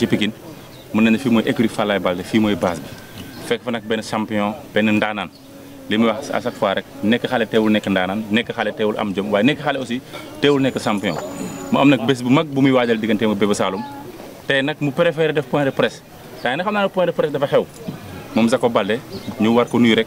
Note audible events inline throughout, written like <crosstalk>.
ci Pikine mën na fii mooy écurie Falaye Baldé fii mooy base bi fekk fa nag benn champion benn ndaanaan li muy wax à chaque fois rek nekk xale teewul nekk ndaanaan nekk xale teewul am jom waaye nekk xale aussi teewul nekk champion mu am nag bés bu mag bu muy waajal diggante ma Bébé Saloum tey nag mu préféré def point de presse tey nag xam naa ne point de presse dafa xew moom Jacob Baldé ñu war ko nuyu rek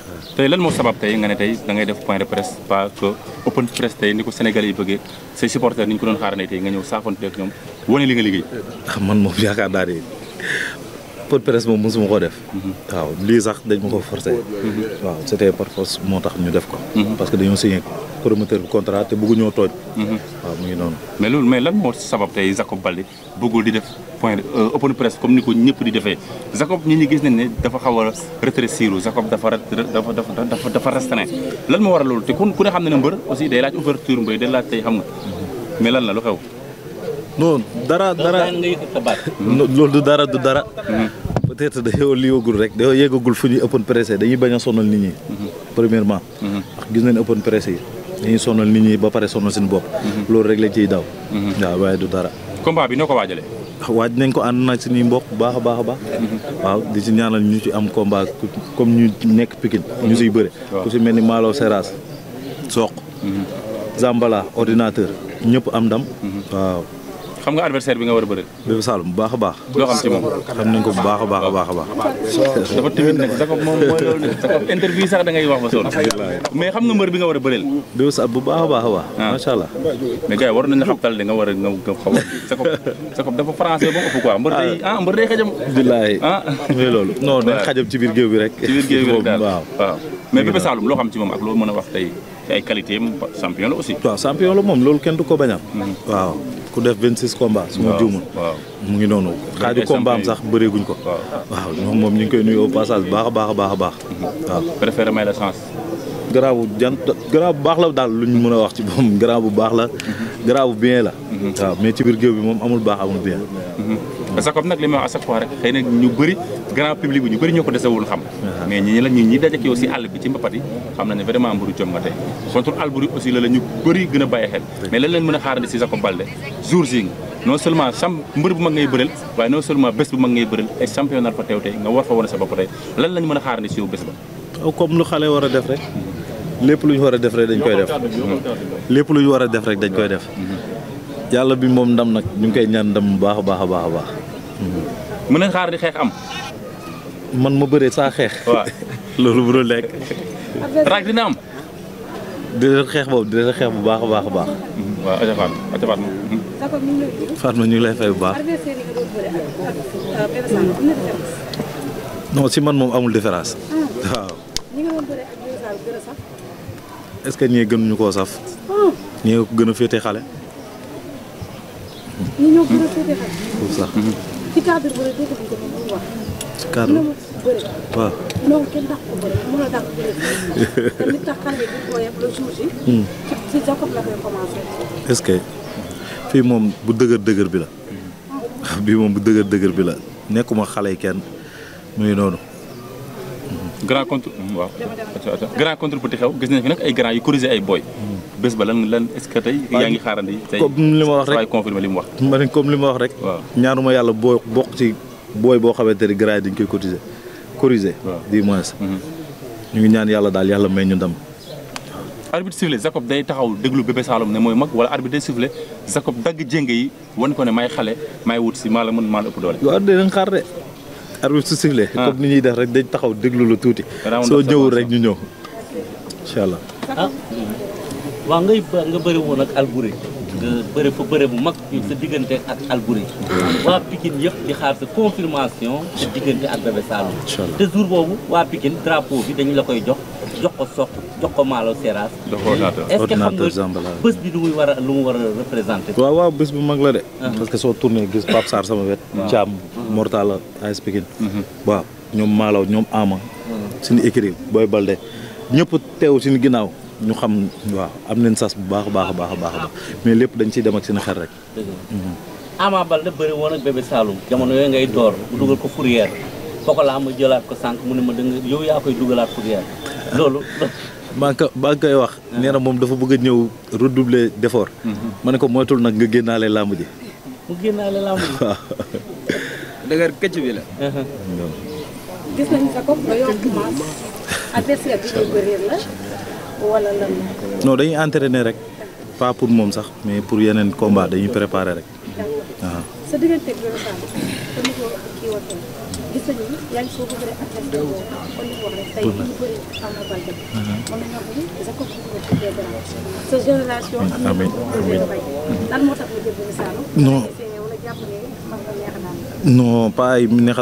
tey lan moo sabab tey nga ne tey da ngay def point de presse pas que open presse tey ni ko Sénégal yi bëggee say supporters ni ñu ko doon xaarane tey nga ñëw saafante ak ñoom wane li nga liggéey. man moom yaakaar naa ne open presse moom mosuma ko def. Mhm. waaw lii sax dañ ma ko forcé. Mhm. waaw c'était par force moo tax ñu def ko. Mhm. parce que dañoo signé ko. promoteur bi contrat te bëggu ñoo tooñ. Mhm. waaw mu ngi noonu. mais loolu mais lan moo sabab tey Jacob Baldé bëggul di def point euh, open press comme ni ko ñëpp di defee Jacob ñi ñi gis nañ ne dafa xaw a rétrécir Jacob dafa dafa dafa dafa restreint lan moo waral loolu te ku ku ne xam ne ne mbër aussi day laaj ouverture mbay day laaj tey xam nga mais lan la lu xew. non dara dara <laughs> loolu du dara du dara. Mhm. peut-être dañoo liwagul rek dañoo yeggagul fu ñuy open press dañuy bañ a sonal nit ñi. Mhm. premièrement. ndax gis nañ open press yi. dañuy sonal nit ñi ba pare sonal seen bopp. Mhm. loolu rek lañ ciy daw. Mhm. waaw waaye du dara. combat bi noo ko waajalee. Ah, waaj nañ ko ànd na suñuy mbokk bu baax baax a baax. Mhm. waaw di si ñaanal ñu ci am combat comme ñu nekk Pikine. ñu siy bëre. ku si mel ni Malo Seras Sokh. Zambala ordinateur ñëpp am ndam. waaw. xam nga adversaire bi nga war a bëri. Bébé Saloum bu baax a baax. loo xam ci moom xam nañ ko bu baax a baax a baax a moom mooy loolu Jacob interview sax da ngay wax ba sonn. mais xam nga mbër bi nga war a bëreel. Bébé bu baax a baax a baax. Ah. macha allah. mais gars war na la xabtal nga war a nga xaw a Jacob Jacob dafa français ba mu ëpp quoi mbër day ah mbër day ah. loolu. non dañ xajam ci biir géew bi rek. ci biir géew bi rek daal waaw waaw. mais Bébé Saloum loo xam ci moom ak loolu mën a wax tey ci ay qualité am la aussi. la moom loolu kenn du ko bañal. Hmm. waaw ku def 26 combats. su ma juumul mu ngi noonu. xaaju combat am sax bëreeguñ ko. waaw ñoom moom ñu ngi koy nuyu au passage baax a baax a baax a baax. Mhm. waaw préféré may la chance. jant garab bu baax la daal luñ mën a wax ci moom garab bu baax la. Mhm. garab bu bien la. Mhm. waaw mais ci biir géew bi moom amul baax amul bien. parce que nag li ma wax à chaque fois ñu bëri grand public ñu bëri ñoo ko desewul xam mais ñi la ñu ñi daje ak yow si àll bi ci mbapat xam nañ ne vraiment mburu jom nga tey contre Albouri aussi la la ñu a bàyyi xel mais a xaarandi si Jacob Baldé jours yi non seulement sam mbër bu mag ngay bëreel waaye non seulement bés bu mag ngay bëreel ay championnat fa teew tey nga war fa wane sa bopp tey lan lañ mën a xaarandi si yow bés ba comme lu xale war a def rek lépp lu ñu war a def rek dañ koy def lépp lu ñu war a rek dañ koy def yàlla bi moom ndam nag ñu ngi koy ñaan ndam bu baax a baax baax a baax. mën na xaar di xeex am. man ma baree saa xeex. <laughs> loolu bu dul lekk. raak dina am. dina xeex boobu dina xeex bu baax a baax a baax. waaw Adja Fatma Adja ñu ngi lay fay bu baax. Euh, non si man moom amul différence. Ah. waaw. est-ce que ñii gënuñu koo saf. Ah. ñii ko gën a féete xale. ñoo gën a féete xam. ci cadre bëre dégg nañ ko moom wax. ci cadre bëre. waaw non kenn dàq ko bëre mën a dàq bëre. te li tax xale bi ko yeb le jour ji. ci ci Jacob la koy commencé. est-ce que fii moom bu dëgër dëgër bi la. bii moom bu dëgër dëgër bi la nekkuma xale yi kenn muy noonu. grand contre hmm, waaw grand contre xew gis nañ fi nag ay grand yu corrigé ay booy bés ba lan lan est-ce que tey yaa ngi xaarandi tey comme li ma wax rek waaye confirmé ne comme li yàlla booy bokk ci booy boo xamante ni grand yi dañ koy cotiser corriger du moins mhm. ñu ngi ñaan yàlla daal yàlla may ñu ndam arbitre sifflé Jacob day taxaw déglu Bébé Saloum ne mooy mag wala arbitre day sifflé Jacob dagg jénge yi wan ko ne may xale may wut si maa la mën maa la ëpp doole waaw de nga xaar de arbitre su sifflé ah. comme ni ñuy def rek dañ taxaw déglu la tuuti. soo ñëwul rek ñu ñëw incha allah. ah waaw ngay nga bëri woon ak Alboury. nga bëri fa bëri bu mag sa diggante ak Alboury. waa Pikine yëpp di xaar sa confirmation. sa diggante ak Bébé Saloum. te jour boobu waa Pikine drapeau bi dañu la koy jox. jox ko soq jox ko maalo Seras. jox ko ordinateur est-ce que xam nga bés bi lu muy war a lu mu war a représenté. waaw waaw bés bu mag la de. Ah. parce que soo tourné gis Pape Sarr sama wet. waaw Thiam Mortala AS Pikine. Mhm. waaw ñoom Malo ñoom Ama. Mhm. suñu écrit booy Balde ñëpp teew suñu ginnaaw ñu xam waaw am nañ sas bu baax a baax a baax a baax mais lépp dañ ciy dem ak seen xel rek. Mhm. Ama Balde bëri woon ak bébé Saloum jamono yooyu ngay door bu dugal ko fourrière foo ko la am jëlaat ko sànq mu ne ma danga yow yaa koy dugalaat fourrière. loolu maa ngi ko maa ngi koy wax nee moom dafa bëgg a ñëw redoubler d'effort mhm. ma ne ko moytul nag nga génnaale làmb ji mu dañuy entraîner rek pas moom sax mais pour yeneen combat dañuy préparer rek gis nañu ni yaa ngi mu wax mm-hmm.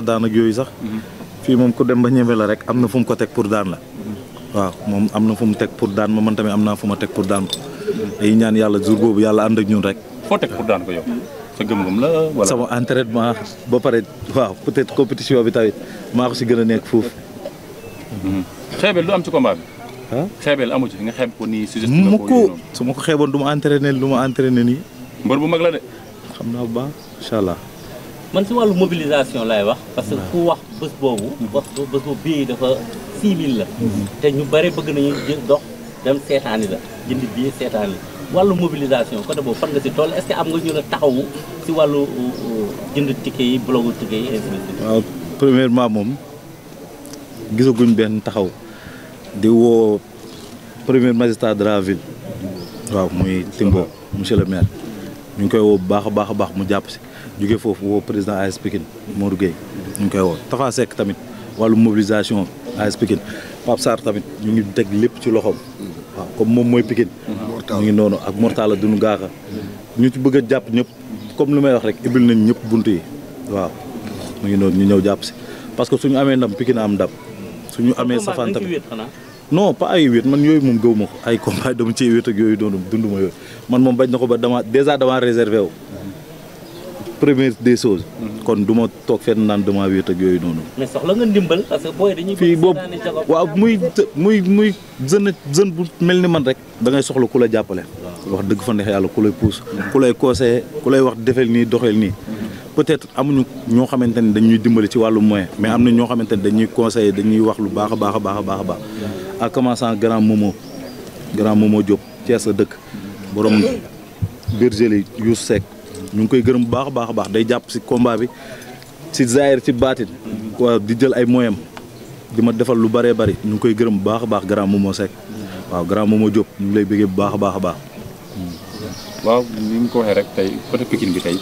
daan. non yooyu sax. Mm-hmm. fii moom ku dem ba ñeme la rek am na fu mu ko teg pour daan la. Mm-hmm. waaw moom am na fu mu teg pour daan ma man tamit am naa fu ma teg pour daan ko. ay ñaan yàlla jour boobu yàlla ànd ak ñun rek. foo teg pour daan sa gëm la wala. sama entraînement ba pare waaw peut-être compétition bi tamit maa ko si gën a nekk foofu. Mhm. xeebel du am ci combat bi. ah xeebel amu nga xeeb ko nii. sujet mu ko su ma ko xeeboon du ma entraîné lu ma entraîné nii. mbër bu mag la de. xam naa bu baax incha man si wàllu mobilisation lay wax. parce que ku wax bés boobu. Mhm. wax bés boobu bii dafa 6000 la. Mhm. te ñu bare bëgg nañu dox dem seetaani la jënd bii seetaani la. wàllu mobilisation côté boobu fan nga si tool est que am nga ñu la taxawu si wàllu euh, euh, jënd ticket yi blogu ticket yi waaw moom gisaguñ benn taxaw di woo premier magistrat de waaw muy Timbo monsieur le maire ñu ngi koy woo bu baax a baax a baax mu jàpp si jóge foofu woo président AS Pikine Modou Gueye ñu ngi koy woo Tafa Seck tamit wàllu mobilisation AS Pikine Pape tamit ñu ngi teg lépp ci loxoom waaw comme moom mooy Pikine mm-hmm. ñu ngi noonu ak mortala duñu gaaxa ñu ci bëgg a jàpp ñëpp comme lu may wax rek ibil nañ ñëpp bunt yi waaw mu ngi noonu ñu ñëw jàpp si parce que suñu amee ndam Pikine am ndam ñu amee safaan tamit non pas ay wéet man yooyu moom gëw ma ko ay combat <laughs> dama cee wéet ak yooyu doonu dund ma yooyu man moom bañ na ko ba dama dèjà dama réservé wu première des choses. Mhm. kon du ma toog fenn naan damaa wéet ak yooyu noonu. mais soxla nga ndimbal parce fii boobu waaw muy muy muy jeune jeune bu mel ni man rek. dangay soxla ku la jàppale. wax dëgg fa neex yàlla ku lay pousse. Mhm. ku lay conseillé ku lay wax defel nii doxel nii. Mhm. peut-être amuñu ñoo xamante ne dañuy dimbali ci wàllu moyen. mais am na ñoo xamante ne dañuy conseillé dañuy wax lu baax baax baax a baax a baax. à commençant grand Momo grand Momo Diop Thiès sa dëkk. borom Bergerie Youssou Seck. ñu ngi koy gërëm bu baax a baax baax day jàpp si combat bi si zaahir ci baatin waaw di jël ay moyam di ma defal lu bëree bëri ñu ngi koy gërëm bu baax a baax grand Momo Seck waaw grand Momo Diop ñu ngi lay bëggee bu baax a baax a baax. waaw ni nga ko waxee rek tey côté Pikine bi tey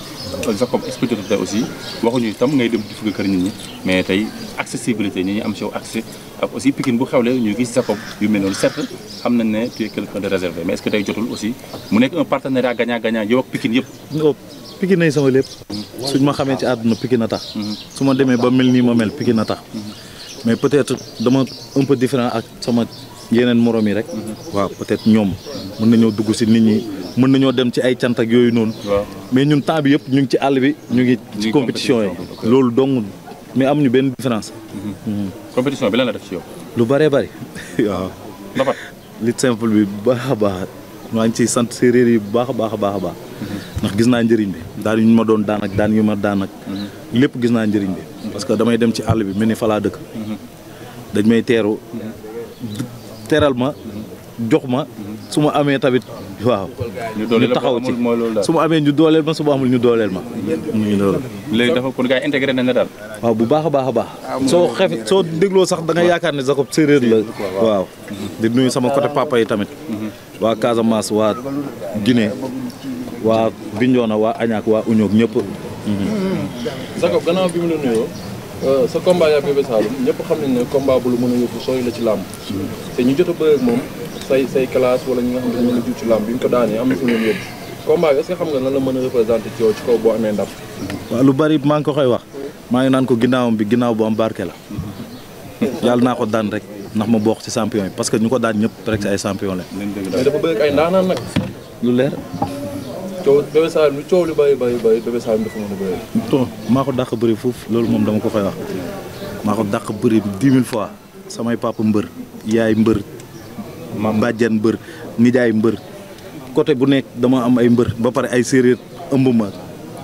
Jacob expliqué ko tey aussi waxuñu itam ngay dem di fukki kër nit ñi mais tey accessibilité ñi ñu am si accès ak aussi Pikine bu xewlee ñu gis Jacob yu mel noonu certes xam nañ ne tu es quelqu'un de réservé mais est-ce que tey jotul aussi mu nekk un partenariat gañaa gañaa yow ak Pikine yëpp. Pikine nay sama lépp suñ ma xamee ci àdduna Pikine a su ma demee ba mel nii ma mel Pikine a tax mais peut-être dama un peu différent ak sama yeneen morom yi rek waaw peut-être ñoom mën nañoo dugg si nit ñi mën nañoo dem ci ay cant yooyu noonu mais ñun temps bi yëpp ñu ngi ci àll bi ñu ngi ci compétition yi loolu dong mais amuñu benn différence mhm. Mhm. compétition bi lan la def ci yow lu bëree bëri waaw mbapat lutte simple bi baax a baax maa ngi ciy sant séeréer yi bu baax baax a baax a baax ndax gis naa njëriñ bi daan ñu ma doon daan daan yu ma daan lépp gis naa njëriñ bi parce que damay dem ci àll bi mel ni falaa dëkk dañ may teeru teral ma jox ma su ma amee tamit waaw ñu taxaw ci su ma amee ñu dooleel ma su ma amul ñu dooleel ma léegi dafa kon gars intégré nañ la waaw bu baax a baax a baax ah, soo xef soo dégloo sax da nga yaakaar ne Jacob séeréer la waaw di nuyu sama côté papa yi tamit mm-hmm. waa Casamance waa Guinée waa Bignona waa Agnac waa Ougnioog ñëpp. Jacob gannaaw bi mu la nuyoo euh, sa combat yaa Bébé Saloum ñëpp xam nañ ne combat bu lu mën a yóbbu sooy la ci làmb te ñu jot a bëre moom say say classe wala ñi nga xam ne ñu la jiw ci làmb bi ñu ko daanee am na fu ñu yóbbu combat bi est-ce xam nga lan la mën a représenté ci kaw boo amee ndam. waaw lu bari maa ngi ko koy wax maa ngi naan ko ginnaawam bi ginnaaw bu am barke la yàlla naa ko daan rek. ndax ma bokk ci champion yi parce que ñu ko daan ñëpp rek ci ay champion la. mais dafa bëgg ay ndaanaan nag. lu leer. coow Bébé lu coow li bàyyi bàyyi bàyyi Bébé Saloum dafa a bëri. to maa ko bëri foofu loolu moom dama ko fay wax maa ko bëri dix mille fois samay papa mbër yaay mbër. maam bàjjan mbër nijaay mbër. côté bu nekk dama am ay mbër ba pare ay séeréer ëmb ma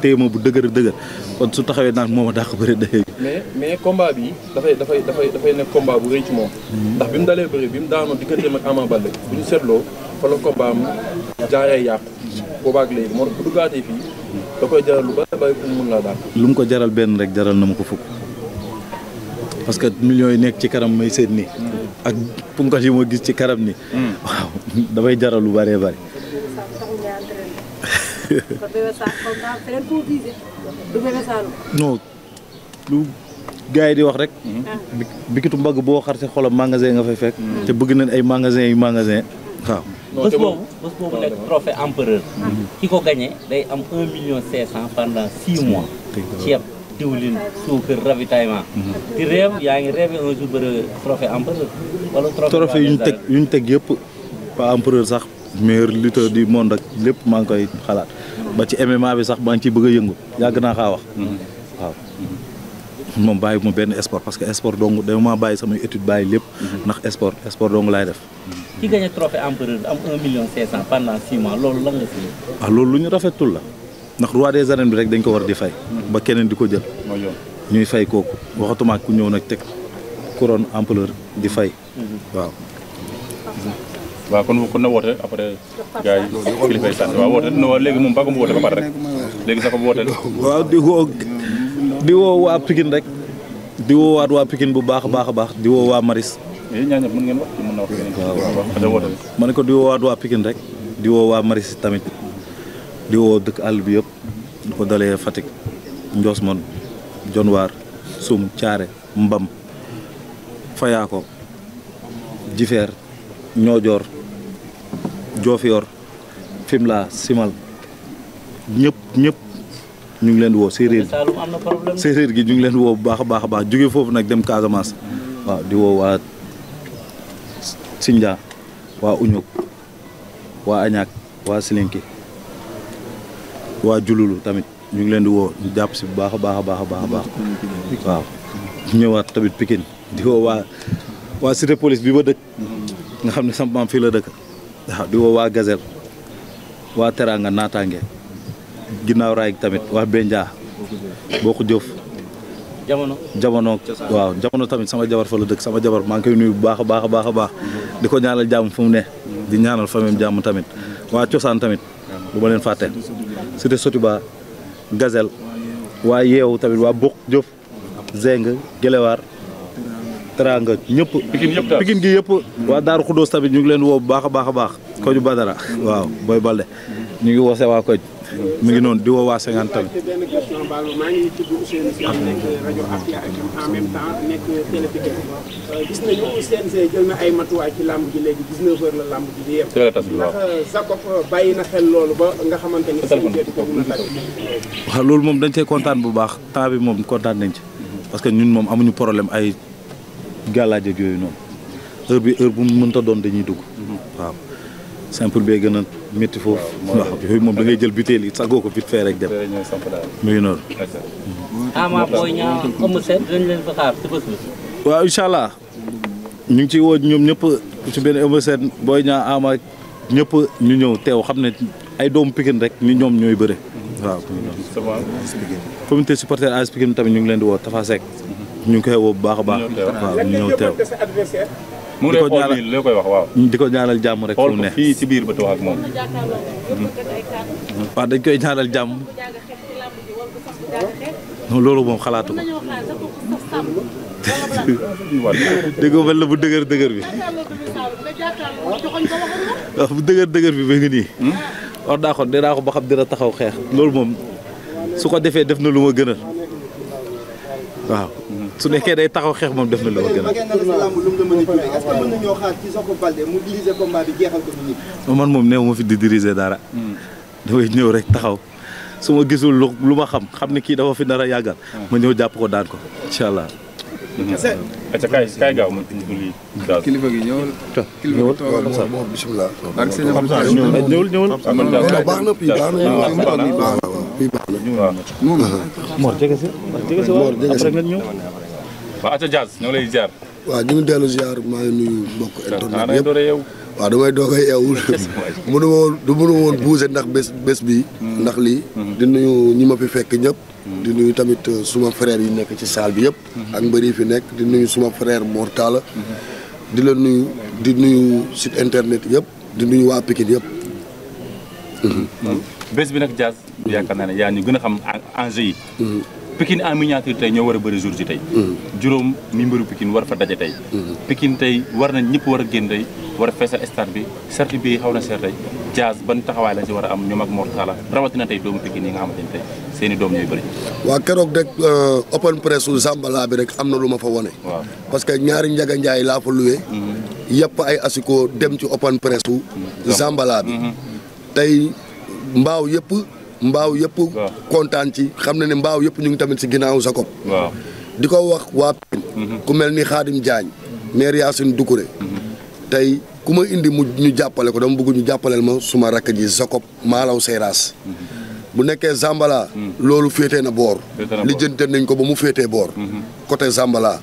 téye ma bu dëgër dëgër kon su taxawee naan moo ma dàq bëri <laughs> day. mais mais combat bi dafay dafay dafay dafay nekk combat bu rëy ci moom. ndax bi mu dalee bëri bi mu daanoo digganteem ak Ama bu ñu seetloo fa la combat am jaaree yàqu. boobaak bu duggaatee fii da koy jaral lu bari bari pour ko jaral benn rek jaral na ma ko fukk parce que millions yi nekk ci kanam may seet nii. ak punkal yi ma gis ci karam nii. Hmm. waaw jaral lu bëree <laughs> bëri. lu gars di wax rek. Mm-hmm. bikitu mbagg boo xar si xolam magasin nga fay fekk. Mm-hmm. te bëgg nañ ay magasin yu magasin waaw. bés boobu nekk trophée empereur. Mm-hmm. ki ko gagné day am 1 million 500 pendant 6 mois. ceeb diwlin suukar ravitaillement. di yaa ngi rêvé un jour bëre trophée empereur. trophée yu ñu teg yu ñu teg yëpp pas empereur sax meilleur lutteur di monde ak lépp maa ngi koy xalaat. ba ci MMA bi sax maa ngi ciy bëgg a yëngu yàgg naa xaa wax. moom bàyyi ma benn sport parce que sport dong dama bàyyi samay étude bàyyi lépp mhm. ndax sport sport dong laay def. ki gagné trophée empereur am ah, loolu lu ñu rafetul la ndax roi des arènes bi rek dañ ko war di fay. Mhm. ba keneen di ko jël. ñuy fay kooku waxatuma ku ñëw nag teg couronne empereur di fay. Mhm. waaw. na woote après gars yi kilifa yi sant waaw woote na léegi moom ba ko mu woote di ko. di wo wa Pikine rek di wo wat wa Pikine bu baakha baakha baax di wo wa Maris. maniko ñaañu mën ngeen wax ci mën na ko di wo wat wa Pikine rek. di wo wa Maris tamit di wo dëkk àll bi yëpp. di ko dalé fatik Ndios Mon war Sum tiaré Mbam jifer Jifeer Ñoojoor jofior Fimla Simal ñep ñep ñu ngi leen woo séeréer séeréer gi ñu ngi leen wo bu baax a baax a baax jóge foofu nag dem Casamance waaw di wo wa sinja wa Uñuk wa Añak wa Silinki wa Jululu tamit ñu ngi leen di wo ñu jàpp si bu baax a baax baax a baax baax waaw ñëwaat tamit Pikine di wo wa wa cité police bi ba dekk nga xam ne sama maam fii la dekk waaw di wo wa Gazelle wa Teranga naataange ginnaaw raay tamit waa Benja boo ko jëf jamono jamono waaw jamono tamit sama jabar fa la dëkk sama jabar maa ngi koy bu baax a baax baax di ko ñaanal jàmm fu mu ne di ñaanal famille jàmm tamit waa cosaan tamit bu ma leen fàtte Cité Sotiba Gazelle waa yeewu tamit waa bokk jëf zeng gelewaar teranga ñëpp pikin gi yëpp waa daaru xudóos tamit ñu ngi leen woo bu baax baax a baax koju badara waaw booy balde ñu ngi woose waa koj mu ngi noonu di woo waa 50 tamit. nekk rajo Afia FM en même temps nekk télé Pikine euh, gis nañu CNG jël matuwaay ci làmb ji léegi 19 euh, euh, bàyyi na xel loolu ba nga xamante ni CNG di ko mën a dagg. waaw loolu moom dañ cee kontaan bu baax temps bi moom kontaan nañ ci. parce que ñun moom amuñu problème ay gàllaaj ak yooyu noonu heure bi heure bu mu mënta doon dañuy dugg mhm. waaw. simple bee gëna a métti foofu. waaw moom da ngay jël butéel yi sagoo ko vite fait rek dem. mu ngi noonu. Ama Boy Niang Eumeu ñu ngi ciy woo ñoom ñëpp ci benn Eumeu Sène Boy Niang ñu ñëw teew xam ne ay doomu Pikine rek ni ñoom ñooy bëre. waaw comité supporter AS Pikine tamit ñu ngi leen di woo Tafa Seck. Mhm. ñu ngi koy woo bu baax a baax. waaw ñu ñëw teew di ko ñaanal mu koy wax waaw. di ko ñaanal jàmm rek. fu mu ne fii ci biir ba wax ak dañ koy ñaanal jàmm. loolu moom xalaatu ko. mel <laughs> na bu dëgër dëgër bi. waaw bu dëgër dëgër bi ba nga nii. Hmm? wax daa ko dinaa ko ba xam dina taxaw xeex. loolu moom su ko defee def na lu ma gënal waaw. su nekkee day taxaw xeex moom def na lu ma gën a. man moom néew ma fi di diriger dara. Hmm. damay ñëw rek taxaw su ma gisul lu lu ma xam xam ne kii dafa fi nar a yàggal. Hmm. ma ñëw jàpp ko daan ko incha allah. acca kaay kaay gaaw lii daal kilifa gi ñëwal. ñëwal waaw xam naa bisimilah. ak sëñ ñëwal ñëwal. baax na fii jege si Mor jege si waaw après nga ñëw. waaw aca Diaz ñu ngi bi mm. mm-hmm. di nuyu mm-hmm. di tamit euh, suma frère yi nekk ci salle bi mm-hmm. ak fi di nuyu suma frère mortal, di la nuyu di nuyu site internet yëpp di nuyu waa Pikine yëpp bi nak jazz, yaakaar naa ñu gën xam enjeu yi Pikine en miniature tey ñoo war a bëri jour si tey mm-hmm. juróom mi mbiru Pikine war fa daje tey mm-hmm. Pikine tey war nañ ñëpp war a génn tey war a feesal stade bi certes bi xaw na seer tey Diaz ban taxawaay lañ si war a am ñoom ak moo Talla rawatina tey doomu Pikine yi nga xamante ni tey seen i doom ñooy bëri waaw keroog rek euh, open press u Zambala bi rek am na lu ma fa wone waaw parce que ñaari Njaga Njaay laa fa luwee mm-hmm. yëpp ay asiko dem ci open press u Zambala bi tey yëpp mbaaw yëpp kontaan ci xam na ne mbaaw yëpp ñu ngi tamit si ginnaaw Jacob di ko wax waa Pikine mhm. ku mel ni Khadim Diagne maire Yacine Doucouré mhm. tey ku ma indi mu ñu jàppale ko dama bëgg ñu jàppaleel ma suma rakk ji Jacob Malaw Seyras mhm. bu nekkee Zambala loolu féetee na boor lijjante nañ ko ba mu féetee boor côté Zambala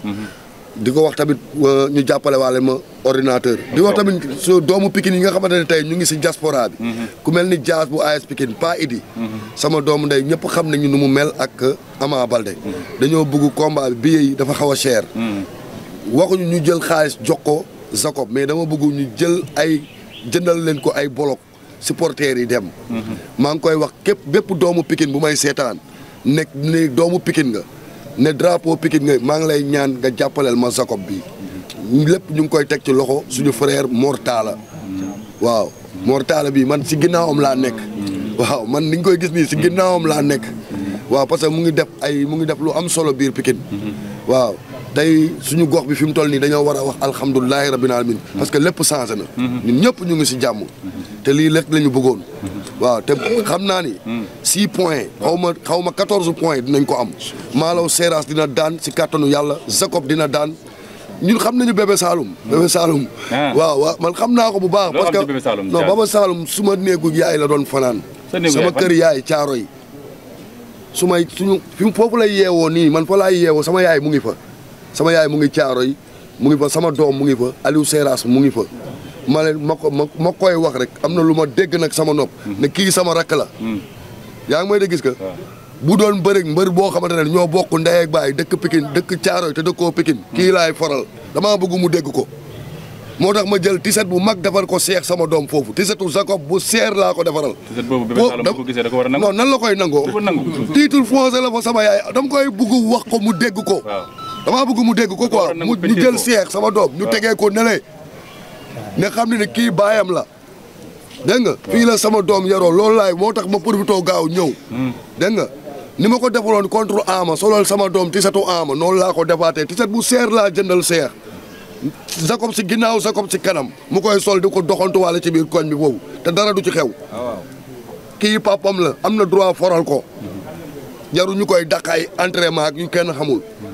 di ko wax tamit euh, ñu jàppale waale ma ordinateur di wax tamit su doomu pikin yi nga xamante ne tey ñu ngi si diaspora bi mhm. ku mel ni Diaz bu AS Pikine pas Idi mhm. sama doomu ndey ñëpp xam nañu nu mu mel ak Ama Balde mhm. dañoo bëgg combat bi billet yi dafa xaw a cher waxuñu ñu jël xaalis jox ko Jacob mais dama bëgg ñu jël ay jëndal leen ko ay bolok supporters yi dem maa ngi koy wax képp bépp doomu pikin bu may seetaan nekk ni doomu pikin nga ne drapo Pikine nga maa ngi lay ñaan nga jàppaleel ma Jacob bi lépp ñu ngi koy teg ci loxo suñu frère Mortala waaw Mortala bi man si ginnaawam laa nekk waaw man ni nga koy gis nii si ginnaawam laa nekk waaw parce que mu ngi def ay mu ngi def lu am solo biir pikin waaw day suñu gox bi fi mu toll nii dañoo war a wax alhamdulilahi rabbil alamin parce que lépp changé na ñëpp ñu ngi si jàmm te lii lekk la ñu bëggoon waaw te xam naa ni six points xaw ma xaw ma quatorze points dinañ ko am maalaw seeraas dina daan si kàttanu yàlla Jacob dina daan ñun xam nañu Bébé Saloum Bébé Saloum ah. waaw waaw man xam naa ko bu baax parce que non Bébé Saloum su néegu yaay la doon fanaan sama kër yaay caaro yi su may suñu fi foofu lay yeewoo nii man fa laay yeewoo sama yaay mu ngi fa sama yaay mu ngi caarooy mu ngi fa sama doom mu ngi fa Aliou Seras mu ngi fa ma leen ma ko ma koy wax rek am na lu ma dégg nag sama nopp na kii sama rakk la hmm. yaa ngi may de gis ka bu doon bëri mbër boo xamante ne ñoo bokk ndey baay dëkk Pikine dëkk caaroy te dëkkoo Pikine hmm. kii laay faral damaa bëgg mu dégg ko moo tax ma jël tiset bu mag defar ko seex sama doom foofu tisetu Jacob bu seer laa ko defaral. tiset boobu bébé Saloum nangu. non nan la koy nangoo. titre foncé la fa sama yaay dam koy bugg wax ko mu dégg ko. damaa bëgg mu dégg ko quoi mu ñu jël seex sama doom ñu tegee ko nelee ne xam ne ne kii baayam la dégg nga fii la sama doom yaroo loolu laay moo tax ma profité gaaw ñëw hmm. dégg nga ni ma ko defaloon contre ama solol sama doom tisatu ama noonu laa ko defaatee tisat bu seer laa jëndal seex Jacob si ginnaaw Jacob si kanam mu koy sol di ko doxantuwaale ci biir koñ bi boobu te dara du ci xew ah, kii papam la am na droit foral ko hmm. jaru ñu koy daq ay entraînement ak kenn xamul hmm.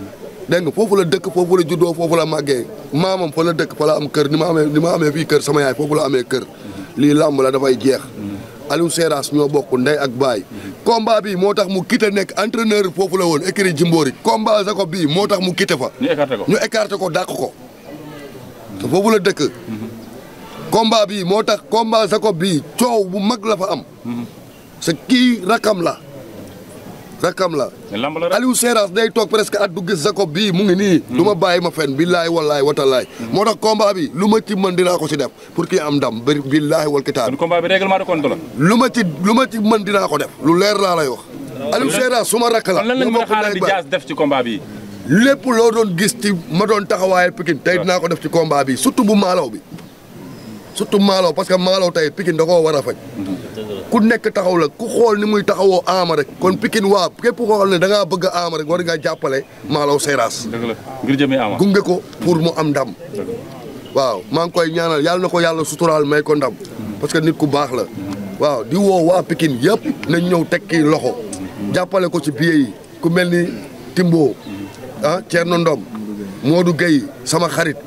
dégg nga foofu la dëkk foofu la juddoo foofu la màggee maamam fa la dëkk fa la am kër ni ma amee ni ma amee fii kër sama yaay foofu la amee kër lii làmb la dafay jeex Aliou Seras ñoo bokk ndey ak baay combat bi moo tax mu quitté nekk entraîneur foofu la woon écrit jimboori combat Jacob bii moo tax mu quitté fa ñu écarté ko ñu écarté ko dàq ko foofu la dëkk combat bii moo tax combat Jacob bi coow bu mag la fa am mhm. sa kii rakam la rakam la Aliou Seras day toog presque at du gis Jacob bii mu ngi nii hmm. du ma bàyyi ma fen billaahi wallaahi watalaay hmm. moo tax combat bi lu ma ci mën dinaa ko si def pour kii am ndam billaahi wal kitaab combat bi règlement de compte la lu ma ci lu ma ci mën dinaa ko def lu leer laa lay wax Aliou Seras su ma rakk la lan lañ a xaaral di def ci combat bi lépp loo doon gis ci ma doon taxawaayal Pikine tey ah. dinaa ko def ci combat bi surtout bu maalaw bi surtout maalo parce que Malaw tey Pikine da koo war a faj. ku nekk taxaw la ku xool ni muy taxawoo Ama rek kon Pikine waa képp koo ne da bëgg a Ama rek war ngaa jàppale Malaw Seras. dëgg la ngir jëmee Ama gunge ko pour mu am ndam. waaw maa ngi koy ñaanal yàlla na ko yàlla suturaal may ko ndam parce que nit ku baax la. waaw di woo waa Pikine yëpp nañ ñëw tekki loxo. jàppale ko ci billet ku mel ni Timbo ah Thierno Ndom du Gueye sama xarit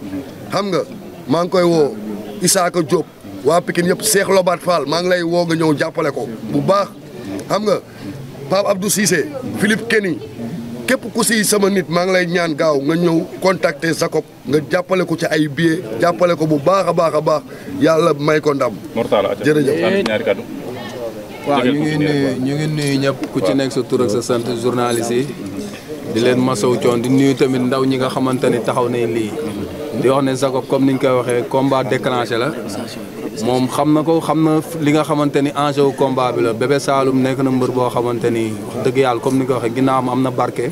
xam nga maa ngi koy woo. Isaaka Diop waa Pikine yëpp Cheikh Lobaat Fall maa ngi lay woo nga ñëw jàppale ko bu baax xam nga Pape Abdou Cissé Philippe Kenny képp ku si sama nit maa ngi lay ñaan gaaw nga ñëw contacter Jacob nga jàppale ko ci ay billets jàppale ko bu baax a baax a baax yàlla may ko ndam. jërëjëf waaw ñu ngi nuyu ñu ngi nuyu ñëpp ku ci nekk sa tur sa sant journaliste yi di leen masaw coon di nuy tamit ndaw ñi nga xamante ni taxaw nañ lii di wax ne Jacob comme ni ñu koy waxee combat déclenché la moom xam na ko xam na li nga xamante ni enjeu wu combat bi la Bébé Saloum nekk na mbër boo xamante ni wax dëgg yàlla comme ni nga ko waxee ginnaawam am na barke.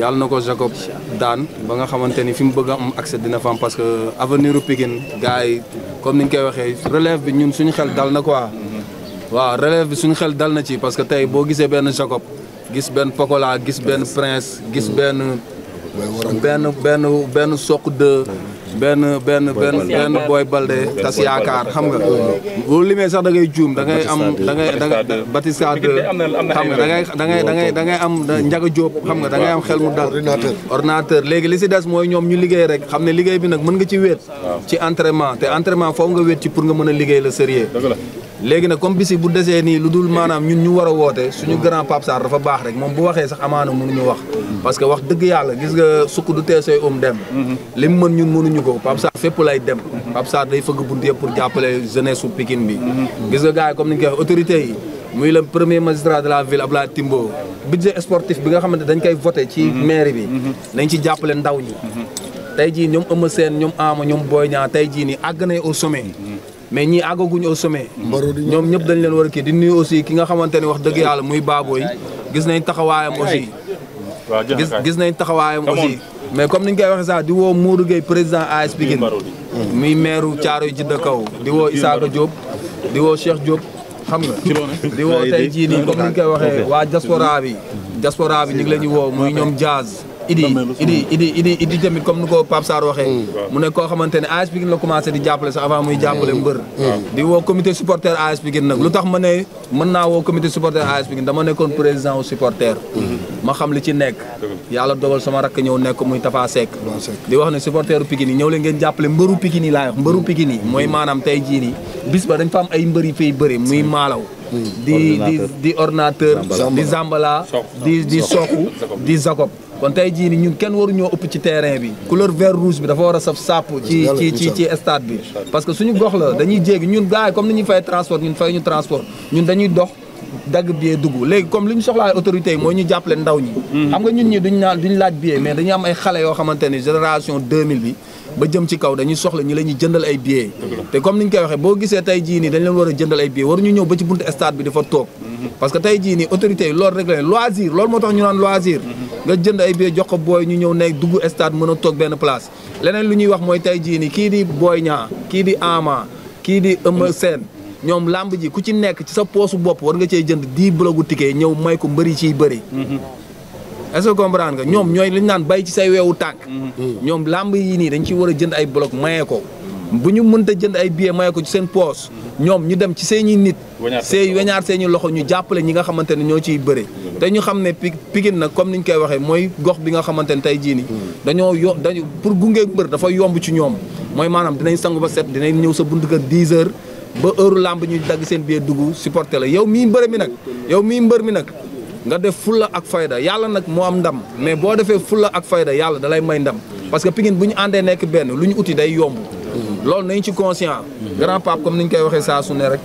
yàlla na ko Jacob daan ba nga xamante ni fi mu bëgg a am accès dina fa parce que avenir u Pikine gars yi comme ni ñu koy waxee relève bi ñun suñu xel dal na quoi. waaw relève bi suñu xel dal na ci parce que tey boo gisee benn Jacob gis benn Pokola gis benn Prince gis benn. benn benn benn soq de benn benn benn benn booy balde tas yaakaar xam nga boo limee sax da ngay juum da ngay am da ngay da nga Batista de xam nga da ngay da ngay da ngay da ngay am njaga jóob xam nga da ngay am xel mu dal ordinateur léegi li si des mooy ñoom ñu liggéey rek xam ne liggéey bi nag mën nga ci wéet ci entrement te entrement foofu nga wet ci pour nga mën a liggéey la sérieux léegi nag comme bisi bu desee nii lu dul maanaam ñun ñu war a woote suñu mm. grand Pape Sarr dafa baax rek moom bu waxee sax amaana mënuñu wax mm. parce que wax dëgg yàlla gis nga sukk du teesooy um dem mm-hmm. li mu mën ñun mënuñu ko Pape Sarr fépp lay dem mm-hmm. Pape Sarr day fëgg bunt yëpp pour jàppale jeunesse su Pikine bi mm-hmm. gis ga gars comme ni ñu koy waxee autorité yi muy le premier magistrat de la ville Abdoulaye Timbo budget sportif bi nga xamante dañ koy voté ci mairie bi nañ ci jàppale ndaw ñi tey jii ñoom Eumeu Sène ñoom Ama ñoom Boy Niang tey jii nii àgg na au sommet mais ñii àggaguñu au sommet. Mm. ñoom ñëpp dañu leen war a kii di nuyu aussi ki nga xamante ni wax dëgg yàlla muy baaboo gis nañ taxawaayam aussi. gis gis nañ taxawaayam aussi. mais comme ni ñu koy waxee sax di woo Mourou Gueye président AS Pikine muy maire Thiaroye ci dëkkaw di woo Isaka Diop di woo Cheikh Diop xam nga di woo tey jii nii comme ni ñu koy waxee waa diaspora bi bi ñu ngi leen di woo muy ñoom Diaz idi idi idi idi comme ni ko Pape Sarr waxee mm. mu ne koo xamante ne AS Pikine la commencé di jàppale sax avant muy jàppale mm. mbër mm. di woo comité supporter AS Pikine nag lu tax ma ne mën naa woo comité supporter AS Pikine dama nekkoon président u supporter ma xam li ci nekk yàlla dogal sama rakk ñëw nekk muy Tafa Seck di wax ne supporteru Pikine yi ñëw leen ngeen jàppale mbëru Pikine yi laay wax mbëru Pikine yi mooy maanaam tey jii nii bis ba dañ fa am ay mbër yi fay bëri muy maalaw di di di ordinateur di Zambala di di Soku di Zakob kon tey jii ni ñun kenn waruñoo ëpp ci terrain bi couleur vert rouge bi dafa war a saf sàpp ci ci ci stade bi parce que suñu gox la dañuy jéegi ñun gars yi comme ni ñuy fay transport ñun ñu transport ñun dañuy dox dagg billet dugg léegi comme li ñu soxlaa autorité yi mooy ñu jàppale ndaw ñi hmm. xam nga ñun ñi duñ naan duñ laaj billet mais dañu am ay xale yoo xamante ne génération 2000 bi ba jëm ci kaw dañuy soxla ñu la ñuy jëndal ay billets te comme ni ñu koy waxee boo gisee tey jii nii dañ leen war a jëndal ay billets waruñu ñëw ba ci buntu stade bi dafa toog hmm. parce que tey jii nii autorités ñu naan loisir hmm. nga jënd ay billets jox ko booy ñu ñëw ne dugg stade mën a toog benn place leneen li ñuy wax mooy tey jii nii kii di booy ñaa kii di Ama kii di Eumeu Sène ñoom làmb ji ku ci nekk ci sa poosu bopp war nga cee jënd di 10 blogu ticket ñëw may ko mbëri ciy bëri est-ce que nga ñoom ñooy li ñu naan bay ci say weewu tànk mm-hmm. ñoom làmb yi nii dañ ci war a jënd ay bloc mayee ko bu ñu mënta jënd ay billets maye ci seen poos ñoom ñu dem ci seeni nit see weñaar seeni loxo ñu jàppale ñi nga xamante ne ñoo ciy bëre te ñu xam ne pi Pikine nag comme ni ñu koy waxee mooy gox bi nga xamante ne tey jii nii dañoo yo dañu pour gunge mbër dafa yomb ci ñoom mooy maanaam dinañ sangu ba set dinañ ñëw sa buntu kër 10 ba heure làmb ñuy dagg seen billet dugg supporter la yow mii mbër mi nag yow mii mbër mi nag nga def fulla ak fayda yàlla nag moo am ndam mais boo defee fulla ak fayda yàlla dalay may ndam parce que Pikine bu ñu àndee nekk benn lu ñu uti day yomb loolu nañ ci conscient grand pape comme ni ñu koy waxee saa su ne rek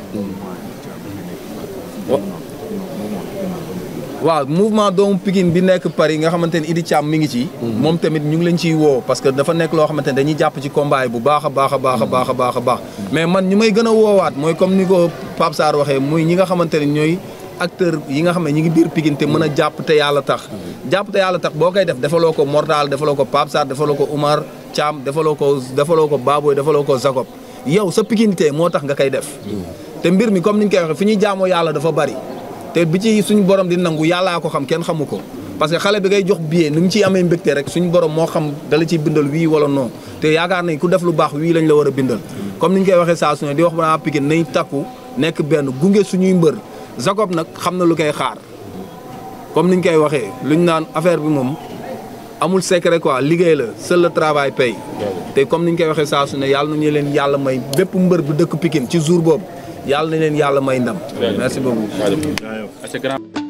waaw mouvement doomu Pikine bi nekk yi nga xamante ni Idi Thiam mu ngi ci moom tamit ñu ngi leen ciy woo parce que dafa nekk loo xamante ne dañuy jàpp ci combat bu baax a a a baax a baax a baax man ñu may gën a woowaat mooy comme ni ko Pape Sarr waxee muy ñi nga xamante ne ñooy acteur yi nga xam ne ñi ngi biir Pikine te mën a jàpp te yàlla tax jàpp te yàlla tax boo koy def defaloo ko Mortal defaloo ko Pape Sarr defaloo ko Oumar caam defaloo ko defaloo ko baabooy defaloo ko Jacob yow sa pikinité moo tax nga koy def. te mbir mi comme ni ñu koy waxee fi ñuy jaamoo yàlla dafa bari te bi ci suñu borom di nangu yàllaa ko xam kenn xamu ko. parce que xale bi ngay jox billet ni mu ciy amee mbégte rek suñu borom moo xam dala ciy bindal wii wala non te yaakaar nañ ku def lu baax wii lañ la war a bindal. comme ni ñu koy waxee saa su di wax ba naa Pikine nañ takku nekk benn gunge su ñuy mbër Jacob nag xam na lu koy xaar comme ni ñu koy waxee luñ naan affaire bi moom. amul secret quoi liggéey la seul le travail te comme ni ñu koy waxee saa su ne yàlla na ñu leen yàlla may bépp mbër bu dëkk Pikine ci jour boobu yàlla na leen yàlla may ndam merci beaucoup